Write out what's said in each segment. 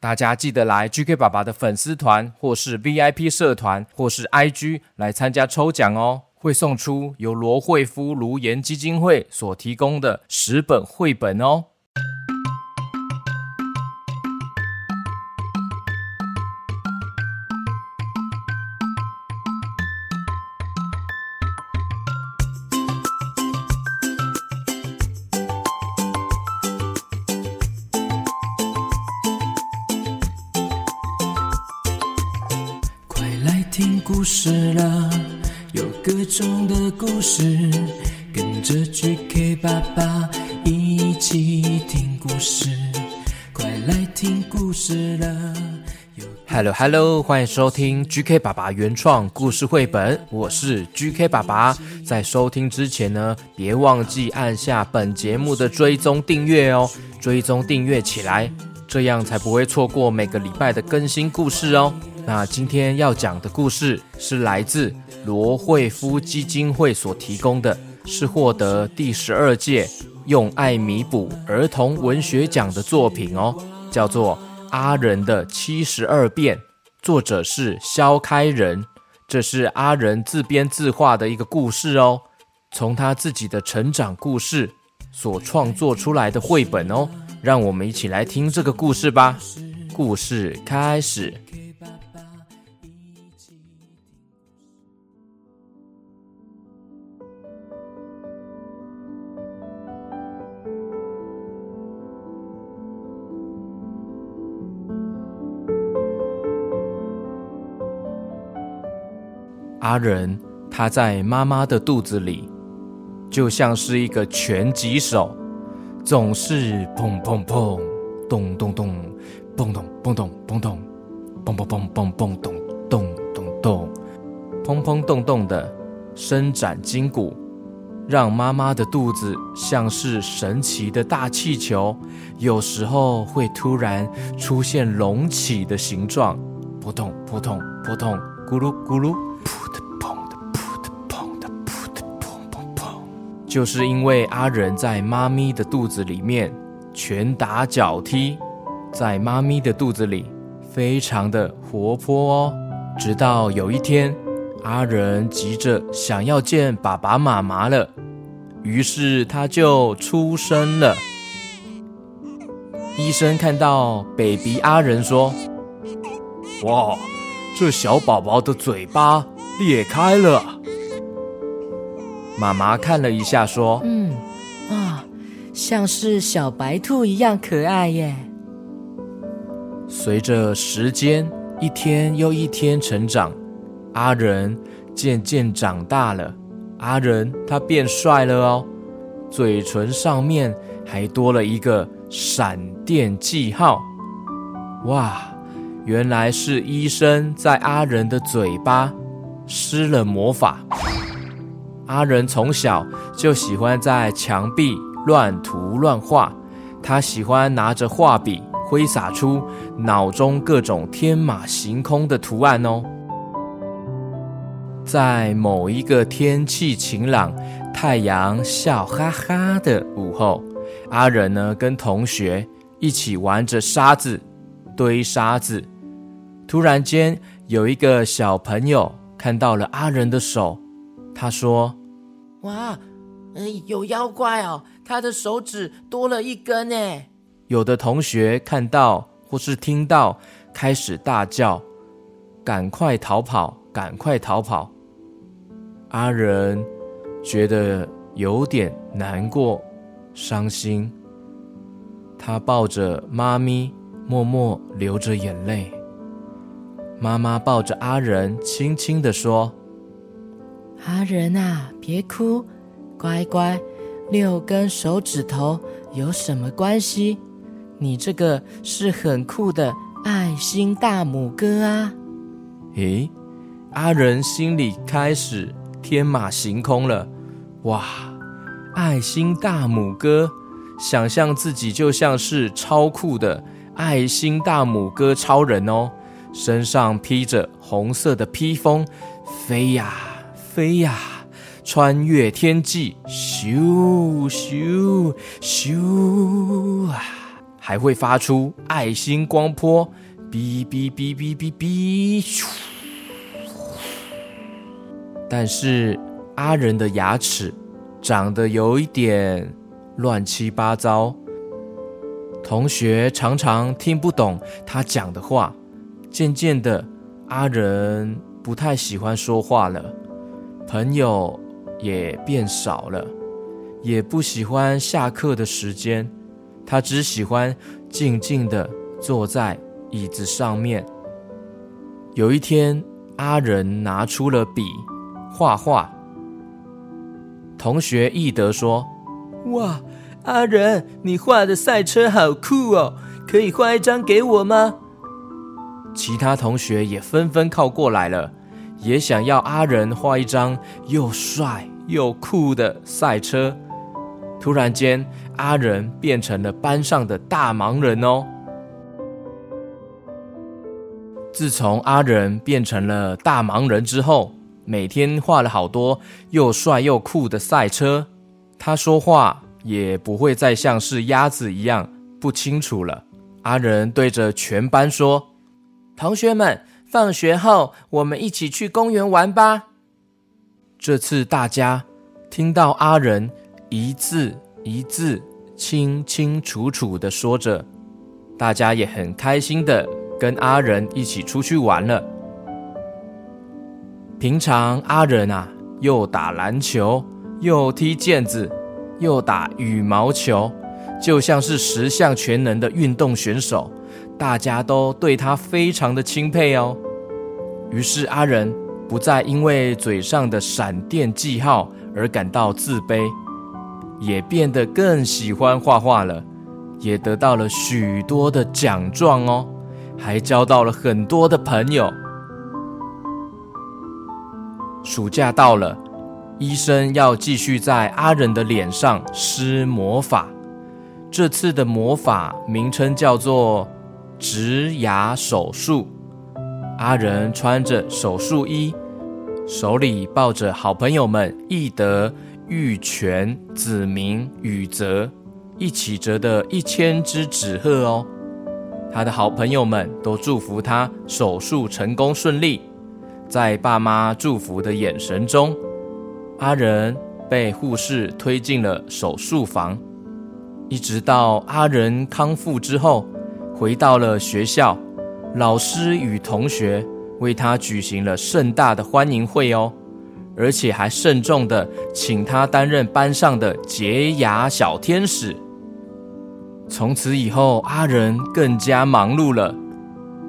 大家記得來 GK 爸爸的粉絲團，或是 VIP 社團，或是 IG 來參加抽獎哦，會送出由羅慧夫顱顏基金會所提供的十本繪本哦。各種的故事，跟著 GK 爸爸一起聽故事，快來聽故事了 Hello Hello，歡迎收聽 GK 爸爸原創故事繪本，我是 GK 爸爸。在收聽之前呢，別忘記按下本節目的追蹤訂閱哦，追蹤訂閱起來，這樣才不會錯過每個禮拜的更新故事哦。那今天要講的故事是來自羅慧夫基金會所提供的，是獲得第十二屆用愛彌補兒童文學獎的作品哦，叫做《阿仁的七十二變》，作者是蕭開仁。這是阿仁自編自畫的一個故事哦，從他自己的成長故事所創作出來的繪本哦，讓我們一起來聽這個故事吧。故事開始。阿仁，他在媽媽的肚子裡，就像是一個拳擊手，總是砰砰砰、咚咚咚砰砰砰，砰，砰，砰，砰，砰、咚咚咚、砰咚砰、咚咚咚、砰咚砰、咚砰咚咚咚咚、砰砰咚咚的伸展筋骨，讓媽媽的肚子像是神奇的大氣球，有時候會突然出現隆起的形狀，撲通撲通撲通，咕嚕咕嚕。就是因為阿仁在媽咪的肚子裡面拳打腳踢，在媽咪的肚子裡非常的活潑哦。直到有一天，阿仁急着想要見爸爸媽媽了，於是他就出生了。醫生看到 Baby 阿仁說：“哇，這小寶寶的嘴巴裂開了。”媽媽看了一下，說：“嗯，啊，像是小白兔一樣可愛耶。”隨着時間一天又一天成長，阿仁漸漸長大了。阿仁他變帥了哦，嘴唇上面還多了一個閃電記號。哇，原來是醫生在阿仁的嘴巴施了魔法。阿仁從小就喜歡在牆壁亂塗亂畫，他喜歡拿着畫筆揮灑出腦中各種天馬行空的圖案哦。在某一個天氣晴朗、太陽笑哈哈的午後，阿仁呢跟同學一起玩着沙子、堆沙子。突然間，有一個小朋友看到了阿仁的手，他說。哇，嗯，有妖怪哦！他的手指多了一根呢。有的同學看到或是聽到，開始大叫：“趕快逃跑，趕快逃跑！”阿仁覺得有點難過、傷心，他抱着媽咪，默默流着眼淚。媽媽抱着阿仁，輕輕的說：“阿仁啊。”別哭，乖乖，六根手指頭有什麼關係？你這個是很酷的愛心大拇哥啊！誒，阿仁心裡開始天馬行空了，哇，愛心大拇哥，想象自己就像是超酷的愛心大拇哥超人哦，身上披着紅色的披風，飛呀飛呀。穿越天際，咻咻咻啊！還會發出愛心光波，嗶嗶嗶嗶嗶嗶。但是阿仁的牙齒長得有一點亂七八糟，同學常常聽不懂他講的話。漸漸的，阿仁不太喜歡說話了。朋友。也變少了，也不喜歡下課的時間，他只喜歡靜靜的坐在椅子上面。有一天，阿仁拿出了筆畫畫，同學易德說：“哇，阿仁，你畫的賽車好酷哦，可以畫一張給我嗎？”其他同學也紛紛靠過來了，也想要阿仁畫一張又帥。又酷的賽車，突然間，阿仁變成了班上的大忙人哦。自從阿仁變成了大忙人之後，每天畫了好多又帥又酷的賽車，他說話也不會再像是鴨子一樣不清楚了。阿仁對着全班說：“同學們，放學後我們一起去公園玩吧。”這次大家聽到阿仁一字一字清清楚楚的說着，大家也很開心的跟阿仁一起出去玩了。平常阿仁啊，又打籃球，又踢毽子，又打羽毛球，就像是十項全能的運動選手，大家都對他非常的欽佩哦。於是阿仁，不再因為嘴上的閃電記號而感到自卑，也變得更喜歡畫畫了，也得到了許多的獎狀哦，還交到了很多的朋友。暑假到了，醫生要繼續在阿仁的臉上施魔法，這次的魔法名稱叫做植牙手術。阿仁穿着手術衣。手裡抱着好朋友們，易德、玉泉、子明、宇澤一起折的一千隻紙鶴哦，他的好朋友們都祝福他手術成功順利。在爸媽祝福的眼神中，阿仁被護士推進了手術房。一直到阿仁康復之後，回到了學校，老師與同學。為他舉行了盛大的歡迎會哦，而且還慎重地請他擔任班上的潔牙小天使。從此以後，阿仁更加忙碌了，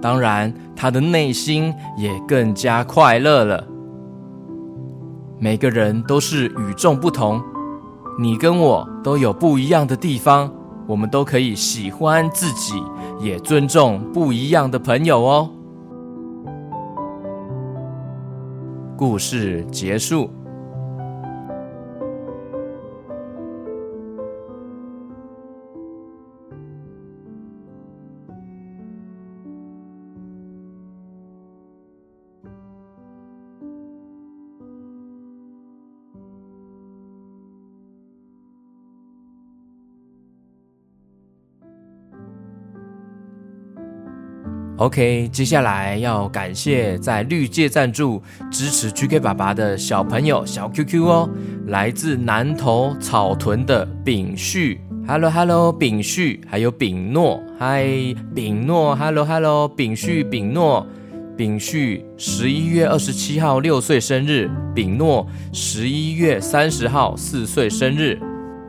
當然，他的內心也更加快樂了。每個人都是與眾不同，你跟我都有不一樣的地方，我們都可以喜歡自己，也尊重不一樣的朋友哦。故事結束。OK，接下來要感謝在綠界贊助支持 GK 爸爸的小朋友小 QQ 哦，來自南投草屯的秉旭，Hello Hello，秉旭，還有秉諾，嗨，秉諾，Hello Hello，秉旭，秉諾，秉旭十一月二十七號六歲生日，秉諾十一月三十號四歲生日。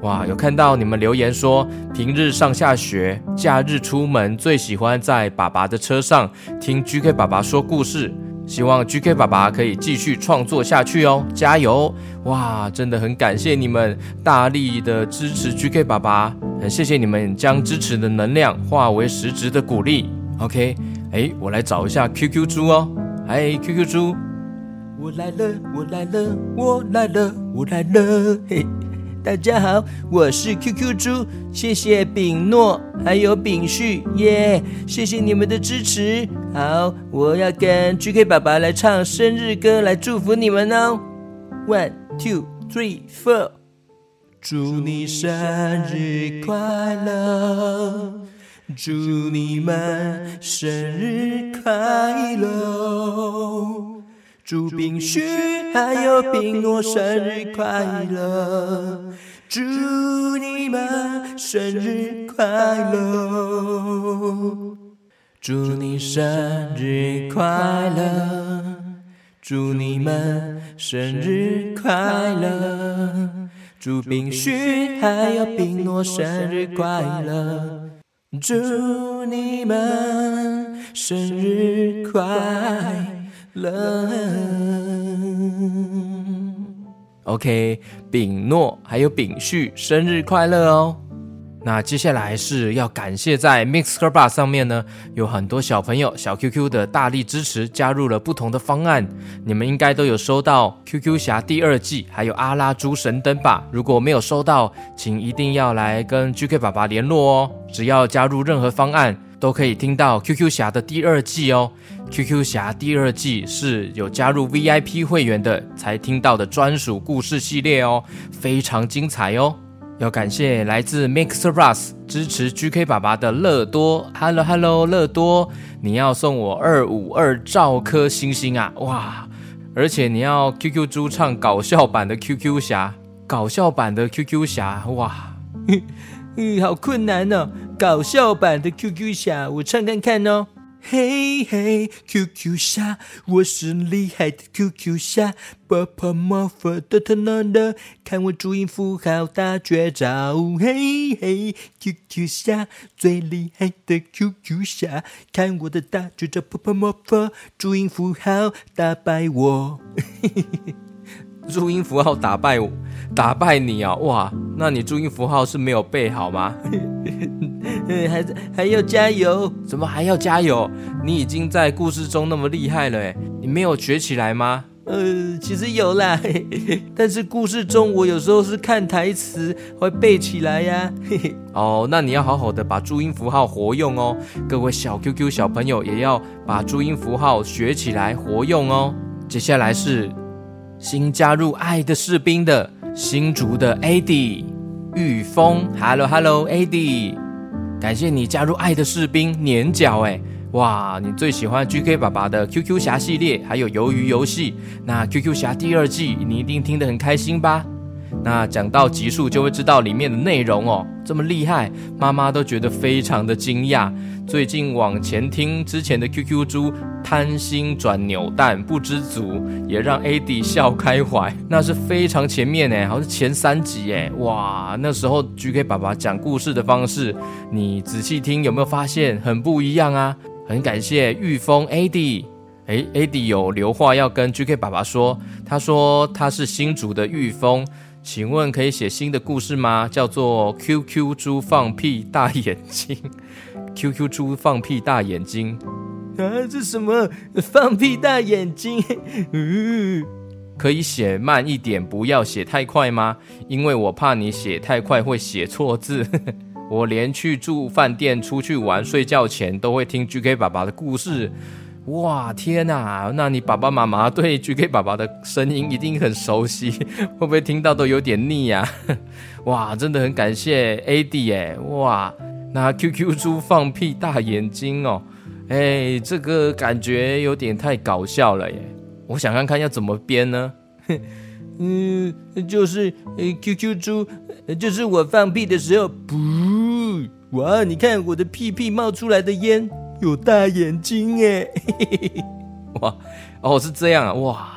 哇，有看到你們留言說，平日上下學，假日出門，最喜歡在爸爸的車上聽 GK 爸爸說故事。希望 GK 爸爸可以繼續創作下去哦，加油！哇，真的很感謝你們大力的支持 GK 爸爸，很謝謝你們將支持的能量化為實質的鼓勵。OK，誒，我來找一下 QQ 豬哦。嗨，QQ 豬我，我來了，我來了，我來了，我來了，嘿。大家好，我是 QQ 豬，謝謝丙諾還有丙旭耶，yeah, 謝謝你們的支持。好，我要跟 GK 爸爸來唱生日歌來祝福你們哦。One, two, three, four。祝你生日快樂，祝你們生日快樂，祝丙旭。還有冰諾，生日快樂！祝你們生日快樂！祝你生日快樂！祝你們生日快樂！祝冰旭還有冰諾生日快樂！祝你們生日快樂！OK，丙諾還有丙旭生日快樂哦！那接下來是要感謝在 MixerBox 上面呢，有很多小朋友小 QQ 的大力支持，加入了不同的方案，你們應該都有收到 QQ 俠第二季還有阿拉豬神燈吧？如果沒有收到，請一定要來跟 GK 爸爸聯絡哦！只要加入任何方案。都可以聽到《QQ 俠》的第二季哦，《QQ 俠》第二季是有加入 VIP 會員的才聽到的專屬故事系列哦，非常精彩哦！要感謝來自 MixerBox 支持 GK 爸爸的樂多，Hello Hello 樂多，你要送我二五二兆顆星星啊！哇，而且你要 QQ 豬唱搞笑版的 QQ 俠，搞笑版的 QQ 俠，哇，嗯，好困難呢。搞笑版的 QQ 俠，我唱看看哦。嘿嘿，QQ 俠，我是厲害的 QQ 俠，泡泡魔法得特難得，看我注音符號大絕招。嘿嘿，QQ 俠，最厲害的 QQ 俠，看我的大絕招，泡泡魔法注音符號打敗我。嘿嘿嘿，注音符號打敗我。打敗你啊、哦！哇，那你注音符號是沒有背好嗎？嘿嘿嘿，還還要加油？怎麼還要加油？你已經在故事中那麼厲害了，誒，你沒有學起來嗎？呃，其實有啦，嘿嘿嘿，但是故事中我有時候是看台詞會背起來呀、啊。嘿嘿。哦，那你要好好的把注音符號活用哦。各位小 QQ 小朋友也要把注音符號學起來活用哦。接下來是新加入愛的士兵的。新竹的 Adi 玉峰，Hello Hello Adi，感謝你加入愛的士兵，黏腳哎，哇，你最喜歡 GK 爸爸的 QQ 俠系列，還有魷魚遊戲，那 QQ 俠第二季你一定聽得很開心吧。那講到集數，就會知道裡面的內容哦，這麼厲害，媽媽都覺得非常的驚訝。最近往前聽之前的 QQ 豬貪心轉扭蛋不知足，也讓 a d 笑開懷，那是非常前面呢，好像是前三集誒哇，那時候 GK 爸爸講故事的方式，你仔細聽有沒有發現很不一樣啊？很感謝玉峰 a d 誒哎 a d 有留話要跟 GK 爸爸說，他說他是新主的玉峰。請問可以寫新的故事嗎？叫做《QQ 豬放屁大眼睛。》 QQ 豬放屁大眼睛，啊，這什麼放屁大眼睛？嗯，可以寫慢一點，不要寫太快嗎？因為我怕你寫太快會寫錯字。 我連去住飯店、出去玩、睡覺前都會聽 GK 爸爸的故事。哇，天啊，那你爸爸媽媽對 GK 爸爸的聲音一定很熟悉，會不會聽到都有點膩啊？哇，真的很感謝 AD 耶！哇，那 QQ 豬放屁大眼睛哦，哎，這個感覺有點太搞笑了耶！我想看看要怎麼編呢？嗯，就是嗯、QQ 豬，就是我放屁的時候，噗！哇，你看我的屁屁冒出來的煙。有大眼睛耶 ，哇，哦，是這樣啊，哇，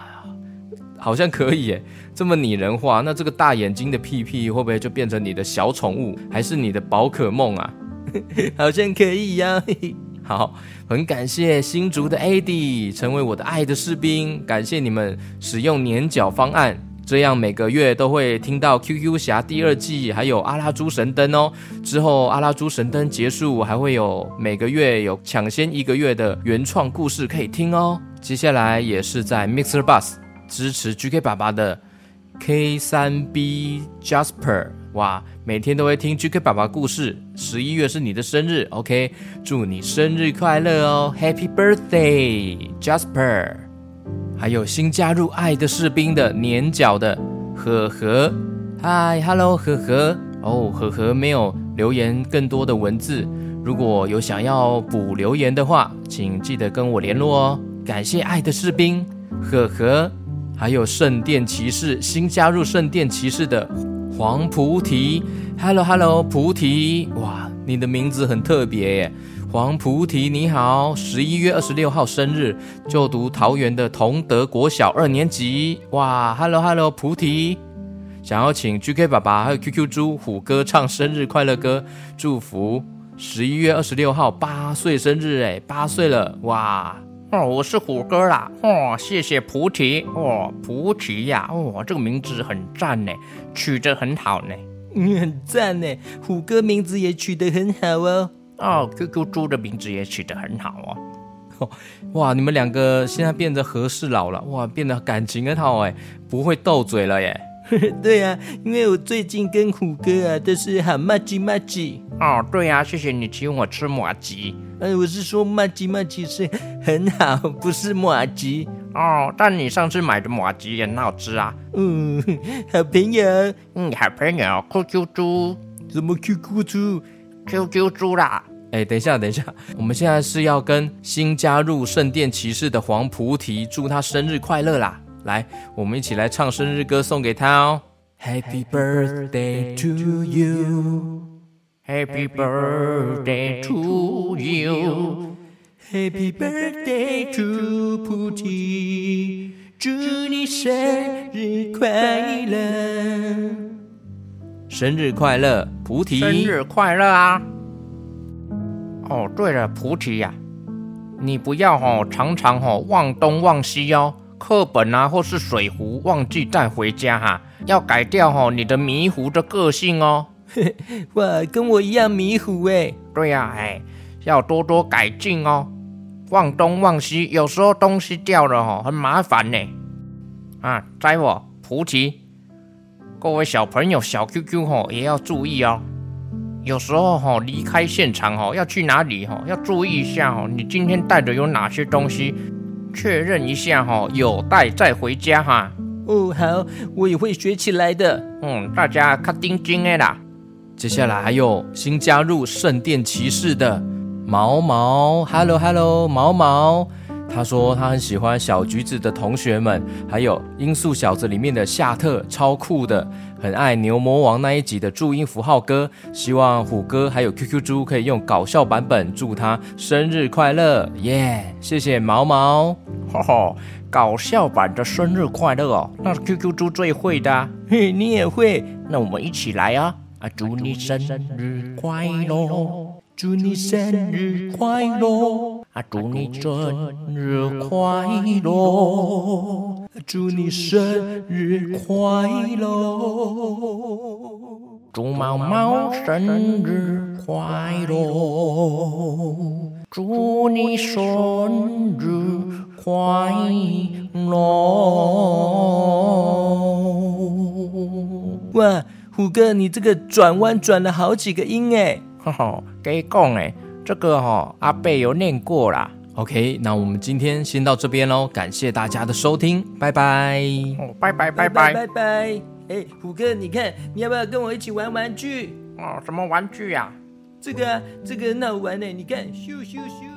好像可以耶，這麼擬人化，那這個大眼睛的屁屁會不會就變成你的小寵物，還是你的寶可夢啊？ 好像可以呀、啊， 好，很感謝新竹的 Eddie 成為我的愛的士兵，感謝你們使用年繳方案。這樣每個月都會聽到《QQ 俠》第二季，還有《阿拉豬神燈》哦。之後《阿拉豬神燈》結束，還會有每個月有搶先一個月的原創故事可以聽哦。接下來也是在 MixerBox 支持 GK 爸爸的 K 三 B Jasper，哇，每天都會聽 GK 爸爸故事。十一月是你的生日，OK？祝你生日快樂哦，Happy Birthday Jasper！還有新加入愛的士兵的年角的呵呵，嗨，哈嘍，呵呵，哦，呵呵沒有留言更多的文字，如果有想要補留言的話，請記得跟我聯絡哦。感謝愛的士兵，呵呵，還有聖殿騎士，新加入聖殿騎士的黃菩提，哈嘍，哈嘍，菩提，哇，你的名字很特別耶。王菩提你好，十一月二十六號生日，就讀桃園的同德國小二年級。哇，Hello Hello，菩提，想要請 GK 爸爸還有 QQ 豬虎哥唱生日快樂歌，祝福十一月二十六號八歲生日。哎，八歲了，哇，哦，我是虎哥啦，哦，謝謝菩提，哦，菩提呀，啊，哦，這個名字很讚呢，取得很好呢，你很讚呢，虎哥名字也取得很好哦。哦，QQ 豬的名字也取得很好哦，哦，哇，你們兩個現在變得和事佬了，哇，變得感情很好哎，不會鬥嘴了耶。 對啊，因為我最近跟虎哥啊都是喊麻吉麻吉。哦，對啊，謝謝你請我吃麻吉。嗯、哎，我是說麻吉麻吉是很好，不是麻吉。哦，但你上次買的麻吉也很好吃啊。嗯，好朋友，嗯，好朋友 QQ 豬，什麼 QQ 豬？QQ 豬啦！哎，等一下，等一下，我們現在是要跟新加入聖殿騎士的黃菩提祝他生日快樂啦！來，我們一起來唱生日歌送給他哦。Happy birthday to you, Happy birthday to you, Happy birthday to 菩提，祝你生日快樂，生日快樂。菩提，生日快樂啊！哦，對了，菩提呀、啊，你不要吼、哦、常常吼、哦、忘東忘西哦，課本啊或是水壺忘記帶回家哈、啊，要改掉吼、哦、你的迷糊的個性哦。哇 跟我一樣迷糊哎。對呀、啊，哎，要多多改進哦，忘東忘西，有時候東西掉了吼、哦，很麻煩呢。啊，再我菩提。各位小朋友，小 QQ 吼也要注意哦。有時候吼離開現場吼，要去哪裡吼，要注意一下吼，你今天帶的有哪些東西，確認一下吼，有帶再回家哈。哦好，我也會學起來的。嗯，大家卡丁丁哎啦。接下來還有新加入聖殿騎士的毛毛，Hello Hello，毛毛。他說他很喜歡小橘子的同學們，還有《音速小子》裡面的夏特，超酷的，很愛牛魔王那一集的注音符號歌。希望虎哥還有 QQ 豬可以用搞笑版本祝他生日快樂，耶、yeah！謝謝毛毛，哈哈、哦，搞笑版的生日快樂哦，那是 QQ 豬最會的、啊，嘿，你也會，那我們一起來啊！啊，祝你生日快樂，祝你生日快樂。啊！祝你生日快樂！祝你生日快樂！祝毛毛生日快樂！祝你生日快樂！哇，虎哥，你這個轉彎轉了好幾個音哎，哈哈，改講哎。這個哈、哦、阿貝有念過啦，OK，那我們今天先到這邊嘍，感謝大家的收聽，拜拜，哦，拜拜拜拜拜拜，哎，虎哥，你看你要不要跟我一起玩玩具哦，什麼玩具呀？啊啊？這個這個很好玩呢，你看，咻咻咻。